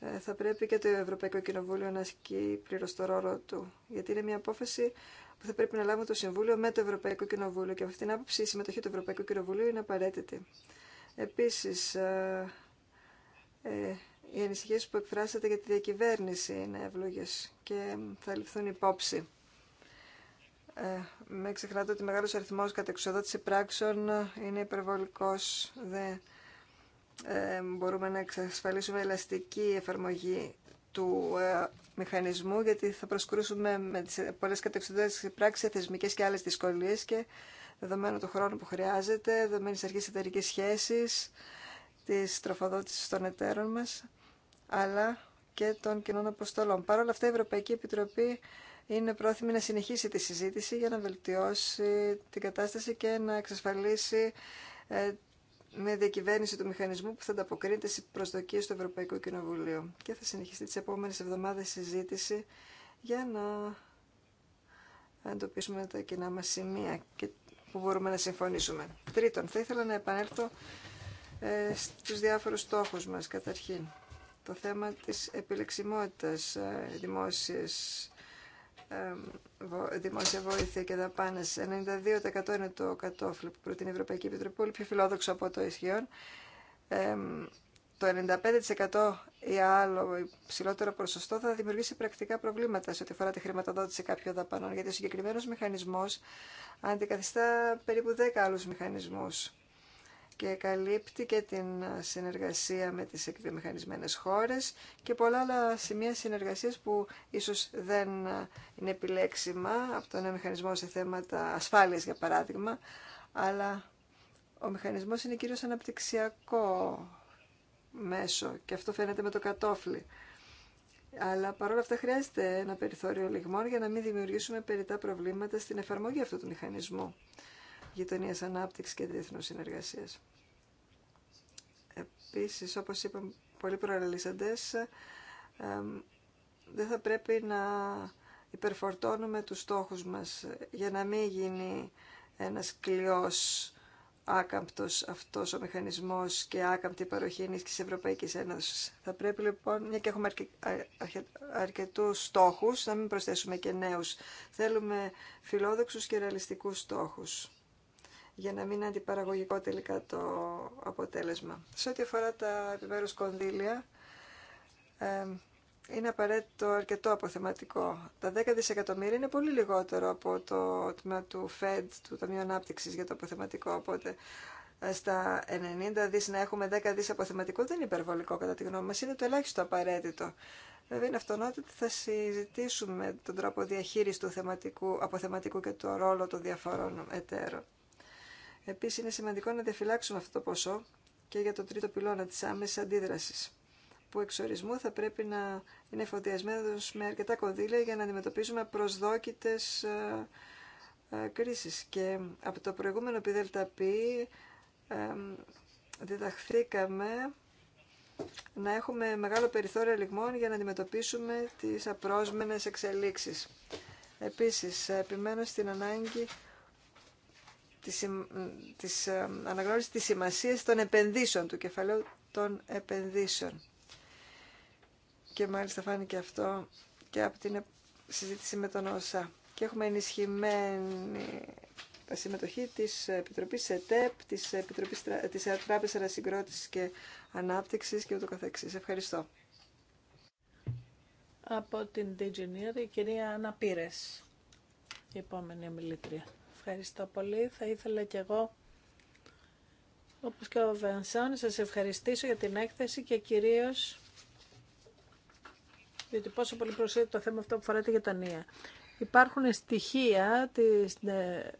ε, θα πρέπει και το Ευρωπαϊκό Κοινοβούλιο να ασκεί πλήρω το ρόλο του. Γιατί είναι μια απόφαση που θα πρέπει να λάβουμε το Συμβούλιο με το Ευρωπαϊκό Κοινοβούλιο. Και από αυτήν την άποψη η συμμετοχή του Ευρωπαϊκού Κοινοβουλίου είναι απαραίτητη. Επίση, ε, ε, οι ανησυχίε που εκφράσατε για τη διακυβέρνηση είναι ευλόγε και θα ληφθούν υπόψη. Ε, με ξεχνάτε ότι μεγάλος αριθμός κατεξοδότηση πράξεων είναι υπερβολικός, δεν μπορούμε να εξασφαλίσουμε ελαστική εφαρμογή του ε, μηχανισμού, γιατί θα προσκρούσουμε με τις πολλές κατευθυντές πράξεις θεσμικές και άλλες δυσκολίες και δεδομένου του χρόνου που χρειάζεται, δεδομένης αρχής εταιρική σχέσης, της τροφοδότησης των εταίρων μας, αλλά και των κοινών αποστολών. Παρ' όλα αυτά, η Ευρωπαϊκή Επιτροπή είναι πρόθυμη να συνεχίσει τη συζήτηση για να βελτιώσει την κατάσταση και να εξασφαλίσει ε, με διακυβέρνηση του μηχανισμού που θα ανταποκρίνεται στι προσδοκίε του Ευρωπαϊκού Κοινοβουλίου. Και θα συνεχιστεί τι επόμενε εβδομάδε συζήτηση για να εντοπίσουμε τα κοινά μα σημεία και που μπορούμε να συμφωνήσουμε. Τρίτον, θα ήθελα να επανέλθω ε, στους διάφορους στόχους μας. Καταρχήν, το θέμα της επιλεξιμότητα ε, δημόσια βοήθεια και δαπάνε. 92% είναι το κατόφλι που προτείνει η Ευρωπαϊκή Επιτροπή, πολύ πιο φιλόδοξο από το ισχύον. το 95% ή άλλο ψηλότερο ποσοστό θα δημιουργήσει πρακτικά προβλήματα σε ό,τι αφορά τη χρηματοδότηση κάποιων δαπανών, γιατί ο συγκεκριμένο μηχανισμό αντικαθιστά περίπου 10 άλλου μηχανισμού και καλύπτει και την συνεργασία με τις εκβιομηχανισμένες χώρες και πολλά άλλα σημεία συνεργασίας που ίσως δεν είναι επιλέξιμα από τον μηχανισμό σε θέματα ασφάλειας για παράδειγμα, αλλά ο μηχανισμός είναι κυρίως αναπτυξιακό μέσο και αυτό φαίνεται με το κατόφλι. Αλλά παρόλα αυτά χρειάζεται ένα περιθώριο λιγμών για να μην δημιουργήσουμε περιτά προβλήματα στην εφαρμογή αυτού του μηχανισμού. Γειτονία ανάπτυξη και διεθνού συνεργασία. Επίσης, όπως είπαμε πολύ προαναλύσαντες, δεν θα πρέπει να υπερφορτώνουμε τους στόχους μας για να μην γίνει ένας κλειός άκαμπτος αυτός ο μηχανισμός και άκαμπτη παροχή ενίσχυσης Ευρωπαϊκής Ένωσης. Θα πρέπει λοιπόν, μια και έχουμε αρκετούς στόχους, να μην προσθέσουμε και νέους. Θέλουμε φιλόδοξους και ρεαλιστικούς στόχους για να μην είναι αντιπαραγωγικό τελικά το αποτέλεσμα. Σε ό,τι αφορά τα επιμέρους κονδύλια, ε, είναι απαραίτητο αρκετό αποθεματικό. Τα 10 δισεκατομμύρια είναι πολύ λιγότερο από το τμήμα του ΦΕΔ, του Ταμείου Ανάπτυξης για το αποθεματικό, οπότε ε, στα 90 δις να έχουμε 10 δις αποθεματικό δεν είναι υπερβολικό κατά τη γνώμη μας, είναι το ελάχιστο απαραίτητο. Βέβαια είναι αυτονότητα ότι θα συζητήσουμε τον τρόπο διαχείρισης του θεματικού, αποθεματικού και το ρόλο των διαφορών εταίρων. Επίσης είναι σημαντικό να διαφυλάξουμε αυτό το ποσό και για το τρίτο πυλώνα τη άμεση αντίδραση που εξ ορισμού θα πρέπει να είναι φωτιασμένος με αρκετά κονδύλια για να αντιμετωπίσουμε προσδόκητες ε, ε, κρίσει. Και από το προηγούμενο πι ε, διδαχθήκαμε να έχουμε μεγάλο περιθώριο λιγμών για να αντιμετωπίσουμε τις απρόσμενες εξελίξεις. Επίσης, επιμένω στην ανάγκη της, της ε, αναγνώρισης της σημασίας των επενδύσεων, του κεφαλαίου των επενδύσεων. Και μάλιστα φάνηκε αυτό και από την συζήτηση με τον ΩΣΑ. Και έχουμε ενισχυμένη τα συμμετοχή της Επιτροπής ΕΤΕΠ, της, Επιτροπής, της Τράπεζας Ανασυγκρότησης και Ανάπτυξης και ούτω καθεξής. Ευχαριστώ. Από την Digineer, η κυρία Αναπήρες, η επόμενη ομιλητρία. Ευχαριστώ πολύ. Θα ήθελα κι εγώ, όπως και ο Βενσάν, να σας ευχαριστήσω για την έκθεση και κυρίως το πόσο πολύ προσέχει το θέμα αυτό που φοράει τη Γετανία. Υπάρχουν στοιχεία της ε,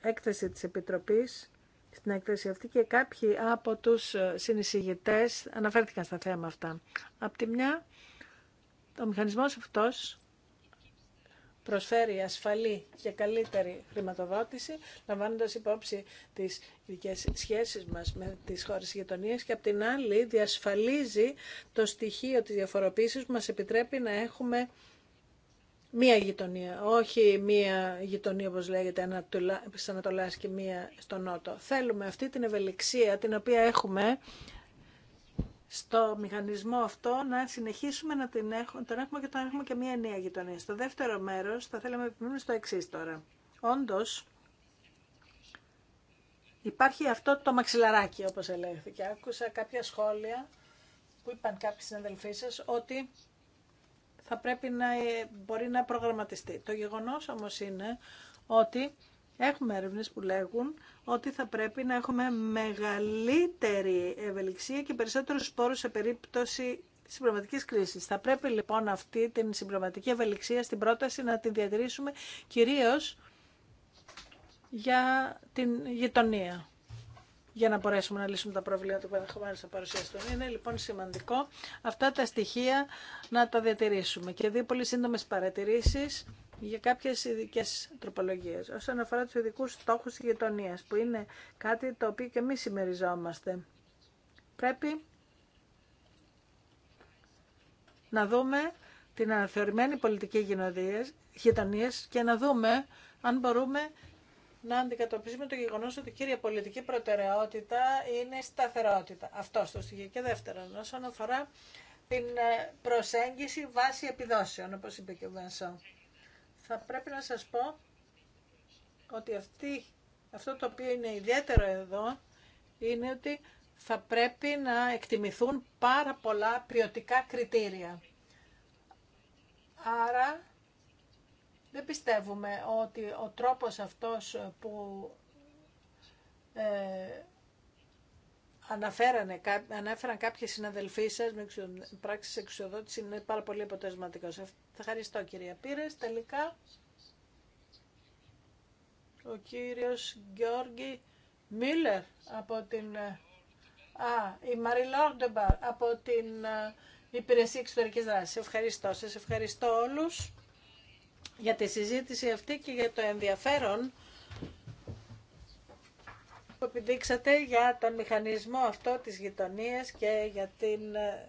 έκθεση της Επιτροπής στην έκθεση αυτή και κάποιοι από τους ε, συνεισηγητές αναφέρθηκαν στα θέματα αυτά. Απ' τη μια, ο μηχανισμός αυτός προσφέρει ασφαλή και καλύτερη χρηματοδότηση, λαμβάνοντας υπόψη τις της σχέσεις μας με τις χώρες γειτονίας και απ' την άλλη διασφαλίζει το στοιχείο της διαφοροποίησης που μας επιτρέπει να έχουμε μία γειτονία, όχι μία γειτονία όπως λέγεται Ανατολάς και μία στο Νότο. Θέλουμε αυτή την ευελιξία την οποία έχουμε στο μηχανισμό αυτό να συνεχίσουμε να την έχουμε, τον έχουμε και τον έχουμε και μία νέα γειτονία. Στο δεύτερο μέρος θα θέλαμε να επιμείνουμε στο εξή τώρα. Όντως, υπάρχει αυτό το μαξιλαράκι όπως ελέγχθηκε. Άκουσα κάποια σχόλια που είπαν κάποιοι συναδελφοί σα ότι θα πρέπει να ε, μπορεί να προγραμματιστεί. Το γεγονός όμως είναι ότι Έχουμε έρευνε που λέγουν ότι θα πρέπει να έχουμε μεγαλύτερη ευελιξία και περισσότερου σπόρου σε περίπτωση συμπληρωματική κρίση. Θα πρέπει λοιπόν αυτή την συμπληρωματική ευελιξία στην πρόταση να την διατηρήσουμε κυρίω για την γειτονία για να μπορέσουμε να λύσουμε τα προβλήματα που ενδεχομένω θα παρουσιαστούν. Είναι λοιπόν σημαντικό αυτά τα στοιχεία να τα διατηρήσουμε. Και δύο πολύ σύντομε παρατηρήσει για κάποιε ειδικέ τροπολογίε. όσον αφορά του ειδικού στόχου τη γειτονία, που είναι κάτι το οποίο και εμεί συμμεριζόμαστε. Πρέπει να δούμε την αναθεωρημένη πολιτική γειτονία και να δούμε αν μπορούμε να αντικατοπίσουμε το γεγονός ότι η κύρια πολιτική προτεραιότητα είναι σταθερότητα. Αυτό στο στοιχείο. Και δεύτερον, όσον αφορά την ε, προσέγγιση βάση επιδόσεων, όπως είπε και ο Βενσό θα πρέπει να σας πω ότι αυτή, αυτό το οποίο είναι ιδιαίτερο εδώ είναι ότι θα πρέπει να εκτιμηθούν πάρα πολλά ποιοτικά κριτήρια. Άρα δεν πιστεύουμε ότι ο τρόπος αυτός που ε, αναφέρανε, ανέφεραν κάποιοι συναδελφοί σα με πράξεις εξουσιοδότηση είναι πάρα πολύ αποτελεσματικό. Ε, ευχαριστώ κυρία Πύρες. Τελικά ο κύριος Γιώργη Μίλλερ από την... Ε, α, η Μαρή Λόρντεμπαρ από την ε, Υπηρεσία Εξωτερικής Δράσης. Ευχαριστώ Σα ευχαριστώ όλους για τη συζήτηση αυτή και για το ενδιαφέρον που επιδείξατε για τον μηχανισμό αυτό της γειτονίας και για την ε,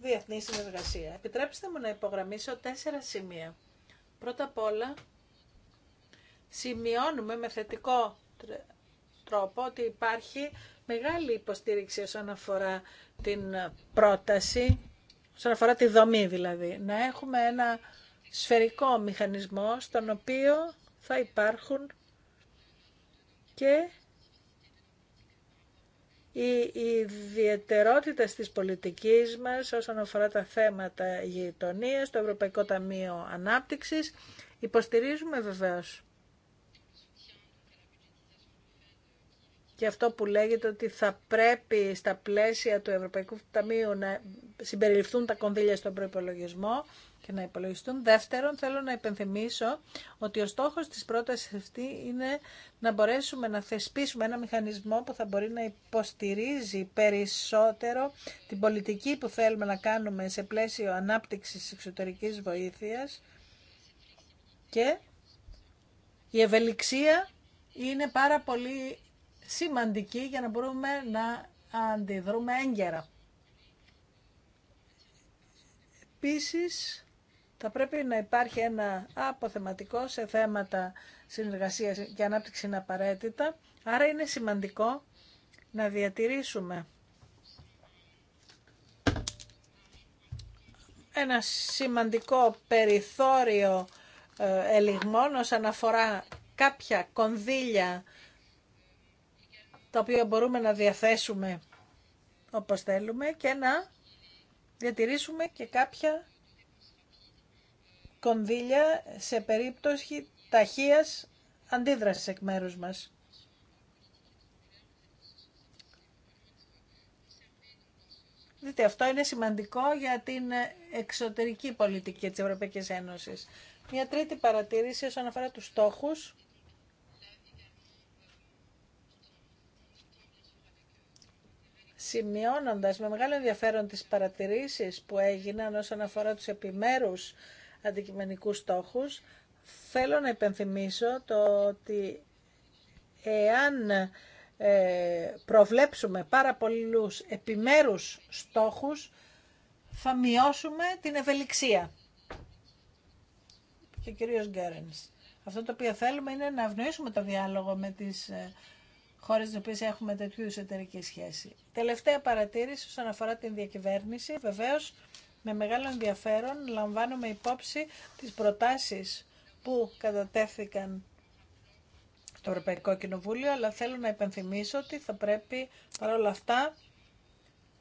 διεθνή συνεργασία. Επιτρέψτε μου να υπογραμμίσω τέσσερα σημεία. Πρώτα απ' όλα, σημειώνουμε με θετικό τρόπο ότι υπάρχει μεγάλη υποστήριξη όσον αφορά την πρόταση, όσον αφορά τη δομή δηλαδή. Να έχουμε ένα σφαιρικό μηχανισμό στον οποίο θα υπάρχουν και η ιδιαιτερότητα της πολιτικής μας όσον αφορά τα θέματα γειτονίας, το Ευρωπαϊκό Ταμείο Ανάπτυξης. Υποστηρίζουμε βεβαίως και αυτό που λέγεται ότι θα πρέπει στα πλαίσια του Ευρωπαϊκού Ταμείου να συμπεριληφθούν τα κονδύλια στον προϋπολογισμό και να υπολογιστούν. Δεύτερον, θέλω να υπενθυμίσω ότι ο στόχος της πρότασης αυτή είναι να μπορέσουμε να θεσπίσουμε ένα μηχανισμό που θα μπορεί να υποστηρίζει περισσότερο την πολιτική που θέλουμε να κάνουμε σε πλαίσιο ανάπτυξης εξωτερικής βοήθειας και η ευελιξία είναι πάρα πολύ σημαντική για να μπορούμε να αντιδρούμε έγκαιρα. Επίσης, θα πρέπει να υπάρχει ένα αποθεματικό σε θέματα συνεργασίας και ανάπτυξη είναι απαραίτητα. Άρα είναι σημαντικό να διατηρήσουμε ένα σημαντικό περιθώριο ε, ελιγμών όσον αφορά κάποια κονδύλια τα οποία μπορούμε να διαθέσουμε όπως θέλουμε και να διατηρήσουμε και κάποια κονδύλια σε περίπτωση ταχείας αντίδρασης εκ μέρους μας. Δείτε, αυτό είναι σημαντικό για την εξωτερική πολιτική της Ευρωπαϊκής Ένωσης. Μια τρίτη παρατήρηση όσον αφορά τους στόχους. Σημειώνοντας με μεγάλο ενδιαφέρον τις παρατηρήσεις που έγιναν όσον αφορά τους επιμέρους αντικειμενικούς στόχους. Θέλω να υπενθυμίσω το ότι εάν ε, προβλέψουμε πάρα πολλούς επιμέρους στόχους, θα μειώσουμε την ευελιξία. Και κυρίως Γκέρενς. Αυτό το οποίο θέλουμε είναι να αυνοήσουμε το διάλογο με τις ε, χώρες τι οποίες έχουμε τέτοιου εταιρική σχέση. Τελευταία παρατήρηση όσον αφορά την διακυβέρνηση. βεβαίως με μεγάλο ενδιαφέρον λαμβάνουμε υπόψη τις προτάσεις που κατατέθηκαν στο Ευρωπαϊκό Κοινοβούλιο, αλλά θέλω να υπενθυμίσω ότι θα πρέπει παρόλα αυτά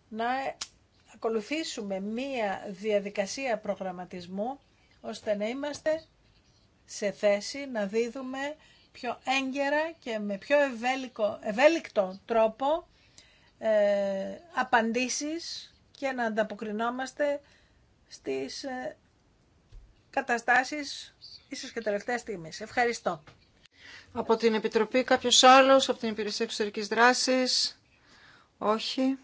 να ακολουθήσουμε μία διαδικασία προγραμματισμού, ώστε να είμαστε σε θέση να δίδουμε πιο έγκαιρα και με πιο ευέλικτο τρόπο ε, απαντήσεις και να ανταποκρινόμαστε στις ε, καταστάσεις ίσως και τελευταίας στιγμής. Ευχαριστώ. Από την Επιτροπή κάποιος άλλος, από την Υπηρεσία Εξωτερικής Δράσης, όχι.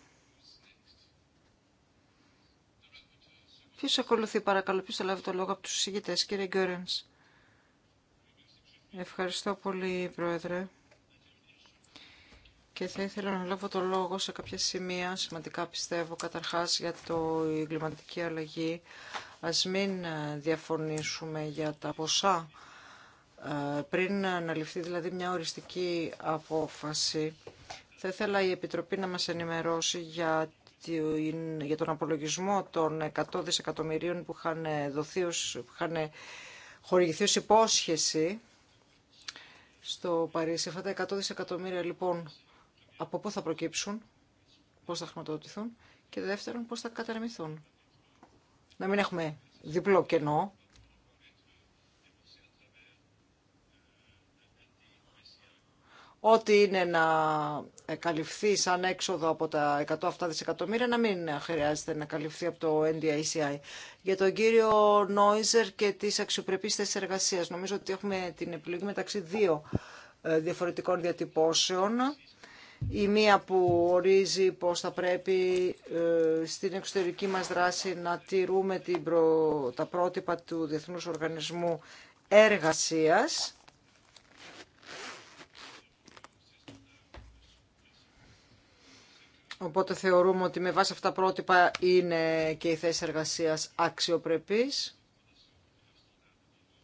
Ποιος ακολουθεί παρακαλώ, ποιος θα λάβει το λόγο από τους συγκητές. κύριε Γκέρενς. Ευχαριστώ πολύ, Πρόεδρε και θα ήθελα να λάβω το λόγο σε κάποια σημεία σημαντικά πιστεύω καταρχάς για το εγκληματική αλλαγή ας μην ε, διαφωνήσουμε για τα ποσά ε, πριν αναλυφθεί δηλαδή μια οριστική απόφαση θα ήθελα η Επιτροπή να μας ενημερώσει για τον απολογισμό των 100 δισεκατομμυρίων που είχαν, δοθεί, που είχαν χορηγηθεί ως υπόσχεση στο Παρίσι. Αυτά τα 100 δισεκατομμύρια λοιπόν από πού θα προκύψουν, πώς θα χρηματοδοτηθούν και δεύτερον πώς θα καταρμηθούν. Να μην έχουμε διπλό κενό. Ό,τι είναι να καλυφθεί σαν έξοδο από τα 100 αυτά δισεκατομμύρια να μην χρειάζεται να καλυφθεί από το NDICI. Για τον κύριο Νόιζερ και τις αξιοπρεπείς θέσεις εργασίας. Νομίζω ότι έχουμε την επιλογή μεταξύ δύο ε, διαφορετικών διατυπώσεων η μία που ορίζει πως θα πρέπει ε, στην εξωτερική μας δράση να τηρούμε την προ... τα πρότυπα του Διεθνούς Οργανισμού Εργασίας. Οπότε θεωρούμε ότι με βάση αυτά τα πρότυπα είναι και η θέση εργασίας αξιοπρεπής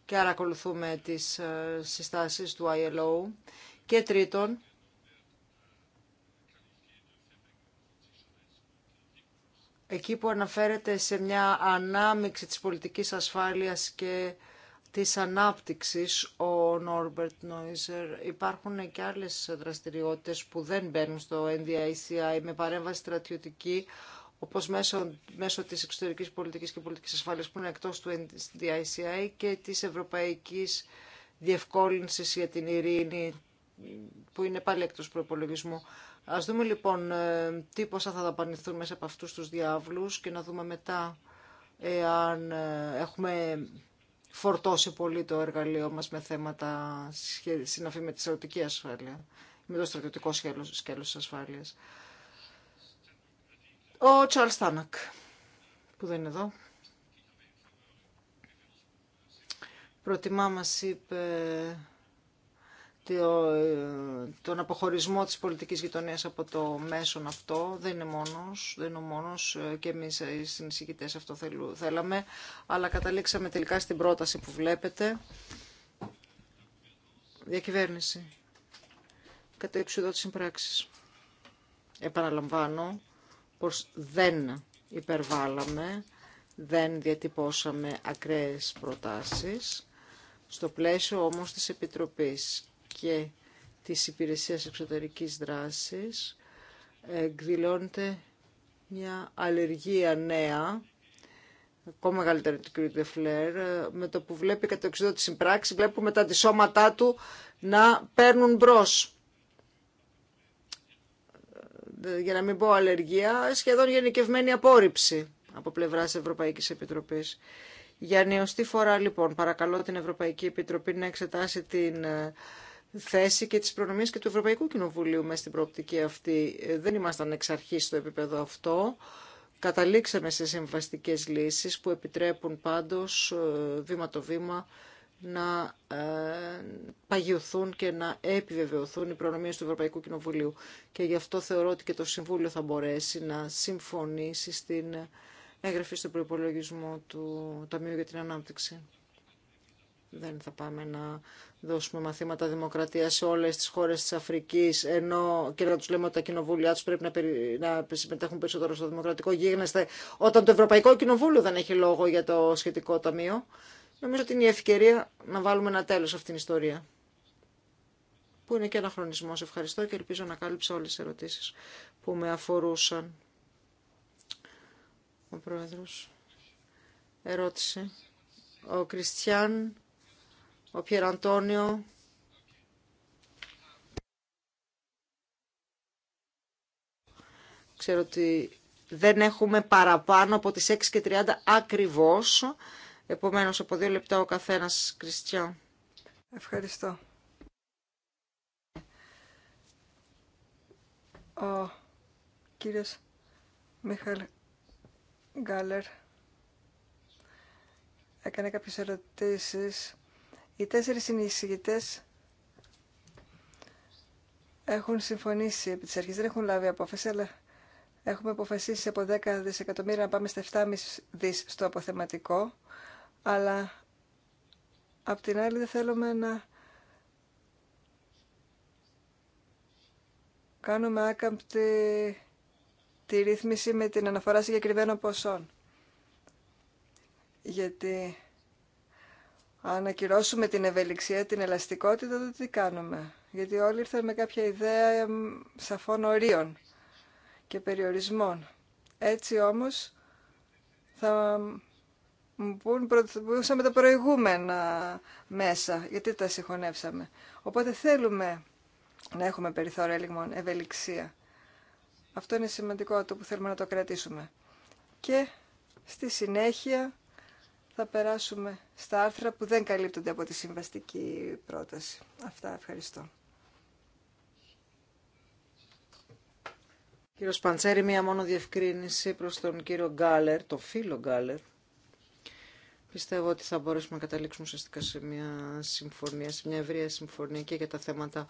και άρα ακολουθούμε τις ε, συστάσεις του ILO. Και τρίτον, εκεί που αναφέρεται σε μια ανάμειξη της πολιτικής ασφάλειας και της ανάπτυξης ο Νόρμπερτ Νόιζερ. Υπάρχουν και άλλες δραστηριότητες που δεν μπαίνουν στο NDICI με παρέμβαση στρατιωτική όπως μέσω, μέσω της εξωτερικής πολιτικής και πολιτικής ασφάλειας που είναι εκτός του NDICI και της ευρωπαϊκής διευκόλυνσης για την ειρήνη που είναι πάλι εκτός προπολογισμού. Ας δούμε λοιπόν ε, τι πόσα θα δαπανηθούν μέσα από αυτούς τους διάβλους και να δούμε μετά εάν ε, έχουμε φορτώσει πολύ το εργαλείο μας με θέματα συναφή με τη στρατιωτική ασφάλεια, με το στρατιωτικό σκέλος, σκέλος της ασφάλειας. Ο Τσάλς Τάνακ, που δεν είναι εδώ. Προτιμά μας είπε ε, τον αποχωρισμό της πολιτικής γειτονίας από το μέσον αυτό. Δεν είναι μόνος, δεν είναι ο μόνος ε, και εμείς ε, οι συνεισηγητές αυτό θέλαμε, αλλά καταλήξαμε τελικά στην πρόταση που βλέπετε. Διακυβέρνηση. Κατά υψηδότηση πράξης. Επαναλαμβάνω πως δεν υπερβάλαμε, δεν διατυπώσαμε ακραίες προτάσεις στο πλαίσιο όμως της Επιτροπής και της Υπηρεσίας Εξωτερικής Δράσης εκδηλώνεται μια αλλεργία νέα, ακόμα μεγαλύτερη του κ. Φλερ με το που βλέπει κατά το τη συμπράξη, βλέπουμε τα αντισώματά του να παίρνουν μπρο. Για να μην πω αλλεργία, σχεδόν γενικευμένη απόρριψη από πλευράς Ευρωπαϊκής Επιτροπής. Για νεωστή φορά, λοιπόν, παρακαλώ την Ευρωπαϊκή Επιτροπή να εξετάσει την ε, θέση και τις προνομίες και του Ευρωπαϊκού Κοινοβουλίου μέσα στην προοπτική αυτή. Ε, δεν ήμασταν εξ αρχής στο επίπεδο αυτό. Καταλήξαμε σε συμβαστικές λύσεις που επιτρέπουν πάντως ε, βήμα το βήμα να ε, παγιωθούν και να επιβεβαιωθούν οι προνομίες του Ευρωπαϊκού Κοινοβουλίου. Και γι' αυτό θεωρώ ότι και το Συμβούλιο θα μπορέσει να συμφωνήσει στην έγγραφη στον προπολογισμό του Ταμείου για την Ανάπτυξη. Δεν θα πάμε να δώσουμε μαθήματα δημοκρατία σε όλε τι χώρε τη Αφρική ενώ και να του λέμε ότι τα κοινοβούλια του πρέπει να, περι... συμμετέχουν περισσότερο στο δημοκρατικό γίγνεσθε όταν το Ευρωπαϊκό Κοινοβούλιο δεν έχει λόγο για το σχετικό ταμείο. Νομίζω ότι είναι η ευκαιρία να βάλουμε ένα τέλο σε αυτήν την ιστορία. Που είναι και ένα χρονισμό. Ευχαριστώ και ελπίζω να κάλυψα όλε τι ερωτήσει που με αφορούσαν. Ο πρόεδρο ερώτησε. Ο Κριστιαν ο Πιερ Αντώνιο. Ξέρω ότι δεν έχουμε παραπάνω από τις 6 και 30 ακριβώς. Επομένως από δύο λεπτά ο καθένας, Κριστιαν. Ευχαριστώ. Ο κύριος Μίχαλ Γκάλερ έκανε κάποιες ερωτήσεις οι τέσσερις συνεισηγητές έχουν συμφωνήσει επί της αρχής, δεν έχουν λάβει απόφαση, αλλά έχουμε αποφασίσει από 10 δισεκατομμύρια να πάμε στα 7,5 δις στο αποθεματικό, αλλά απ' την άλλη δεν θέλουμε να κάνουμε άκαμπτη τη ρύθμιση με την αναφορά συγκεκριμένων ποσών. Γιατί αν ακυρώσουμε την ευελιξία, την ελαστικότητα, τότε τι κάνουμε. Γιατί όλοι ήρθαν με κάποια ιδέα σαφών ορίων και περιορισμών. Έτσι όμως θα μου πούν τα προηγούμενα μέσα, γιατί τα συγχωνεύσαμε. Οπότε θέλουμε να έχουμε περιθώριο ελιγμών, ευελιξία. Αυτό είναι σημαντικό, το που θέλουμε να το κρατήσουμε. Και στη συνέχεια θα περάσουμε στα άρθρα που δεν καλύπτονται από τη συμβαστική πρόταση. Αυτά, ευχαριστώ. Κύριο Σπαντσέρη, μία μόνο διευκρίνηση προς τον κύριο Γκάλερ, τον φίλο Γκάλερ. Πιστεύω ότι θα μπορέσουμε να καταλήξουμε ουσιαστικά σε μια συμφωνία, σε μια ευρεία συμφωνία και για τα θέματα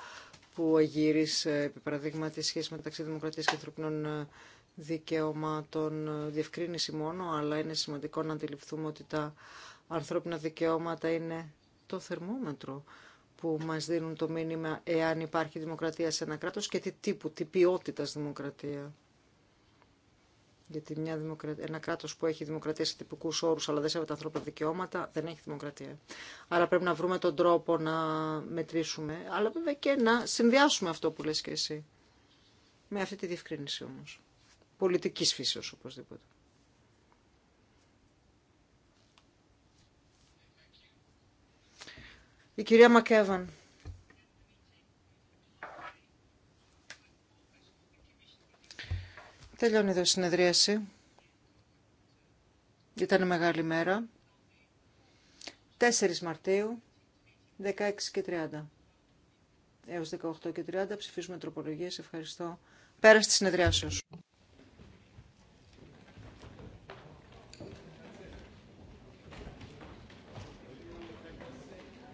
που αγύρισε, επί παραδείγμα, τη σχέση μεταξύ δημοκρατίας και ανθρωπινών δικαιώμα των... διευκρίνηση μόνο, αλλά είναι σημαντικό να αντιληφθούμε ότι τα ανθρώπινα δικαιώματα είναι το θερμόμετρο που μας δίνουν το μήνυμα εάν υπάρχει δημοκρατία σε ένα κράτος και τι τύπου, τι ποιότητας δημοκρατία. Γιατί μια δημοκρατία, ένα κράτος που έχει δημοκρατία σε τυπικού όρου, αλλά δεν σέβεται ανθρώπινα δικαιώματα, δεν έχει δημοκρατία. Άρα πρέπει να βρούμε τον τρόπο να μετρήσουμε, αλλά βέβαια και να συνδυάσουμε αυτό που λες και εσύ. Με αυτή τη διευκρίνηση όμως πολιτικής φύσεως οπωσδήποτε. Η κυρία Μακέβαν. Τελειώνει εδώ η συνεδρίαση. Ήταν μεγάλη μέρα. 4 Μαρτίου, 16 και 30. Έως 18 και 30 ψηφίζουμε τροπολογίες. Ευχαριστώ. Πέρα στη συνεδριάσεως.